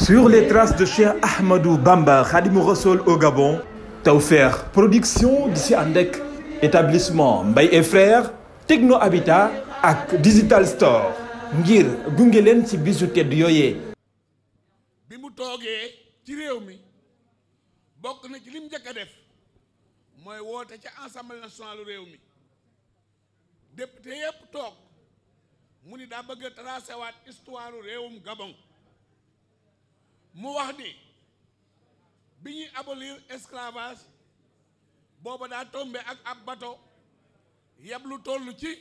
Sur les traces de Cheikh Ahmadou Bamba Khadimou Rassoul au Gabon Tawfekh Production di si ànd ak établissement Mbaye et Frères Techno Habitat ak Digital Store ngir gunge leen ci bisu tedd yooyee bi mu toogee ci réew mi bokk na ci lim mu njëkk def mooy woote ci assemblée nationale réew mi député yépp toog ni daa bëgg a tracé réewum Gabon mu wax ni bi ñuy abolir esclavage booba daa tombé ak ab bato yab lu toll ci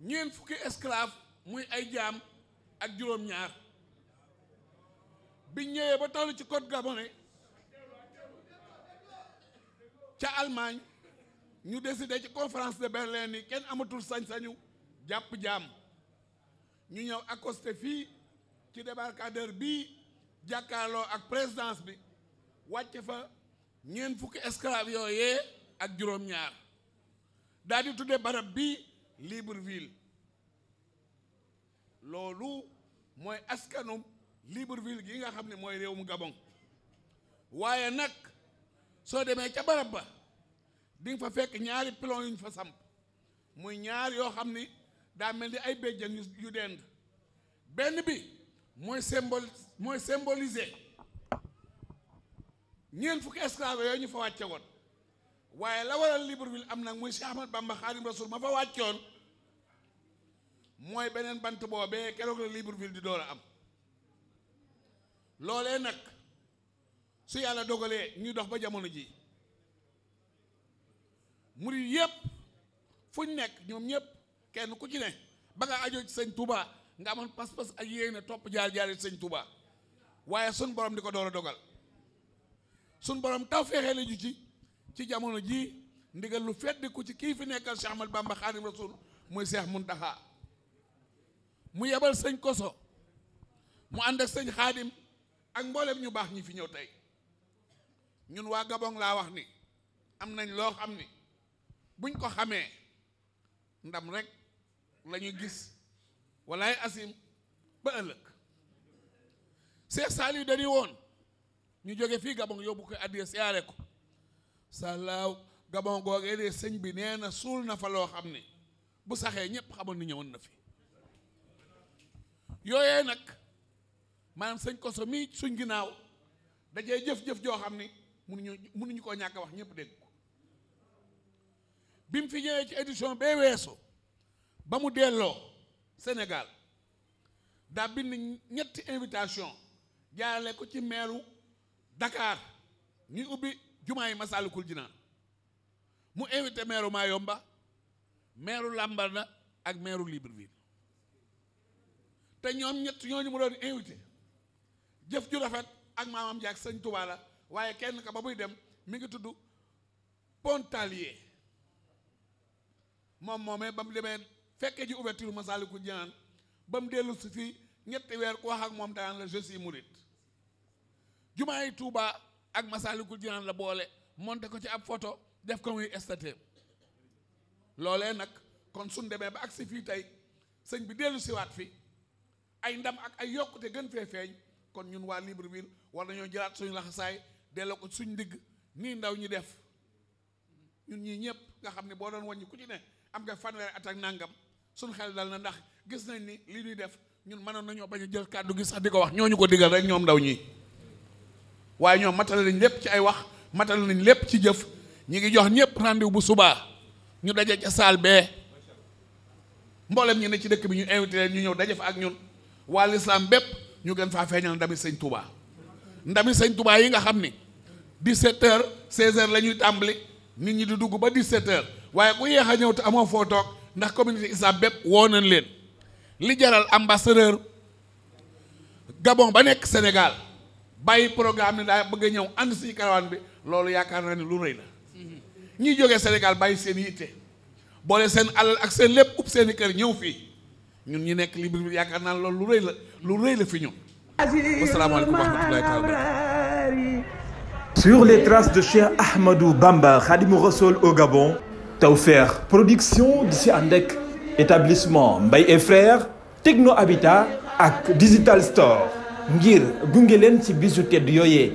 ñeent fukki esclave muy ay jaam ak juróom-ñaar biñ ñëwee ba toll ci côte gabonais ca Allemagne ñu décidé ci conférence de Berlin ni kenn amatul sañ-sañu jàpp jaam ñu ñëw accosté fii ci débarcadère bii jàkkaarloo ak présidence bi wàcce fa ñeent fukki esclaves yooyee ak juróom-ñaar daal di tudde barab bi Libreville loolu mooy askanum Libreville gi nga xam ne mooy réew mu Gabon waaye nag soo demee ca barab ba di nga fa fekk ñaari pilon yuñ fa samp muy ñaar yoo xam ni daa mel ni ay béjjën yu dend benn bi mooy symbole mooy symboliser ñeent fukki esclave yooyu ñu fa wàcce woon waaye la waral Libreville am nag muy Cheikh Ahmad Bamba Xaadim Rasul ma fa wàccoon mooy beneen bant boobee keroog la Libreville di door a am loolee nag su yàlla dogalee ñuy dox ba jamono ji murid yépp fuñ nekk ñoom ñépp kenn ku ci ne ba nga ajoo ci sëñ Touba nga amoon pas-pas ak yéene topp jaar-jaari sañ Touba waaye suñ borom di ko door a dogal sun borom taw feexee la ju ci ci jamono ji ndigal lu fedd ku ci kii fi nekkal Cheikh Ahmad Bamba Xaadim Rasul muy mun Muntaxa mu yebal sëñ Koso mu ànd ak sëñ Xaadim ak mboolem ñu baax ñi fi ñëw tey ñun waa Gabon laa wax ni am nañ loo xam ni buñ ko xamee ndam rek la gis walaay asim ba ëllëg Cheikh Saliou dañuy woon ñu jóge fii Gabon yóbbu ko addiya siyaare ko sëñ bi nee na suul na fa loo xam ne bu saxee ñépp xamoon ni ñëwoon na fi yooyee nag maanaam sëñ koso mi suñ ginnaaw dajee jëf-jëf joo xam ni mënuñu mënuñu koo ñàkk wax ñépp dégg ko bi mu fi ñëwee ci édition bee weesu ba mu delloo Sénégal daa bind ñetti invitation jaarale ko ci meeru Dakar ñi ubbi jumaa yi Masaalikul Jinaan mu invité meeru Mayomba meeru Lambaréné ak meeru Libreville te ñoom ñett ñooñu mu doon invité jëf ju rafet ak maamam jaak sëñ Tuubaa la waaye kenn ka ba muy dem mi ngi tudd Pontalier moom moomee ba mu demee fekke ji ouverture Masaalikul Jinaan ba mu dellu si fii ñetti weer ku wax ak moom daan la je suis mouride jumaa yi Tuubaa ak Masaalikul Jinaan la boole monte ko ci ab photo def ko muy statue loolee nag kon suñ demee ba agsi fii tey sëñ bi dellu siwaat fi ay ndam ak ay yokkute gën fee feeñ kon ñun waa libre Libreville war nañoo jëlaat suñu laxasaay delloo ko suñu digg nii ndaw ñi def ñun ñii ñëpp nga xam ne boo doon wàññi ku ci ne am nga fanweeri at ak nàngam suñ xel dal na ndax gis nañ ni li ñuy def ñun mënoon nañoo bañ a jël kàddu gi sax di ko wax ñoo ñu ko digal rek ñoom ndaw ñi waaye ñoom matal nañ lépp ci ay wax matal nañ lépp ci jëf ñi ngi jox ñëpp rendez-vous bu subaa ñu daja ca saal bee mboolem ñu ne ci dëkk bi ñu invité ñu ñëw daje fa ak ñun waa lislaam bépp ñu gën faa feeñal ndami sëñ Touba ndami sëñ Touba yi nga xam ni 17h 16h la tàmbali nit ñi di dugg ba di h waaye ku yéex a ñëw te amoo foo ndax communauté islam bépp woo nañ leen li jaral ambassadeur Gabon ba nekk Sénégal bàyyi programme ne daa bëgg ñëw ànd si karawaan bi loolu yaakaar naa ne lu rëy la ñuy jóge Sénégal bàyyi seen yitte boole seen alal ak seen lépp ub seeni kër ñëw fii ñun ñu nekk libre bi yaakaar naa ne loolu lu rëy la lu rëy la fi ñun. wasalaamaaleykum wa rahmatulahi taala Sur les traces de Cheikh Ahmadou Bamba, Khadimou Rassoul au Gabon, Tawfekh production di si ànd ak établissement Mbaye et frères Techno Habitat ak Digital Store ngir gunge leen ci bisu tedd yooyee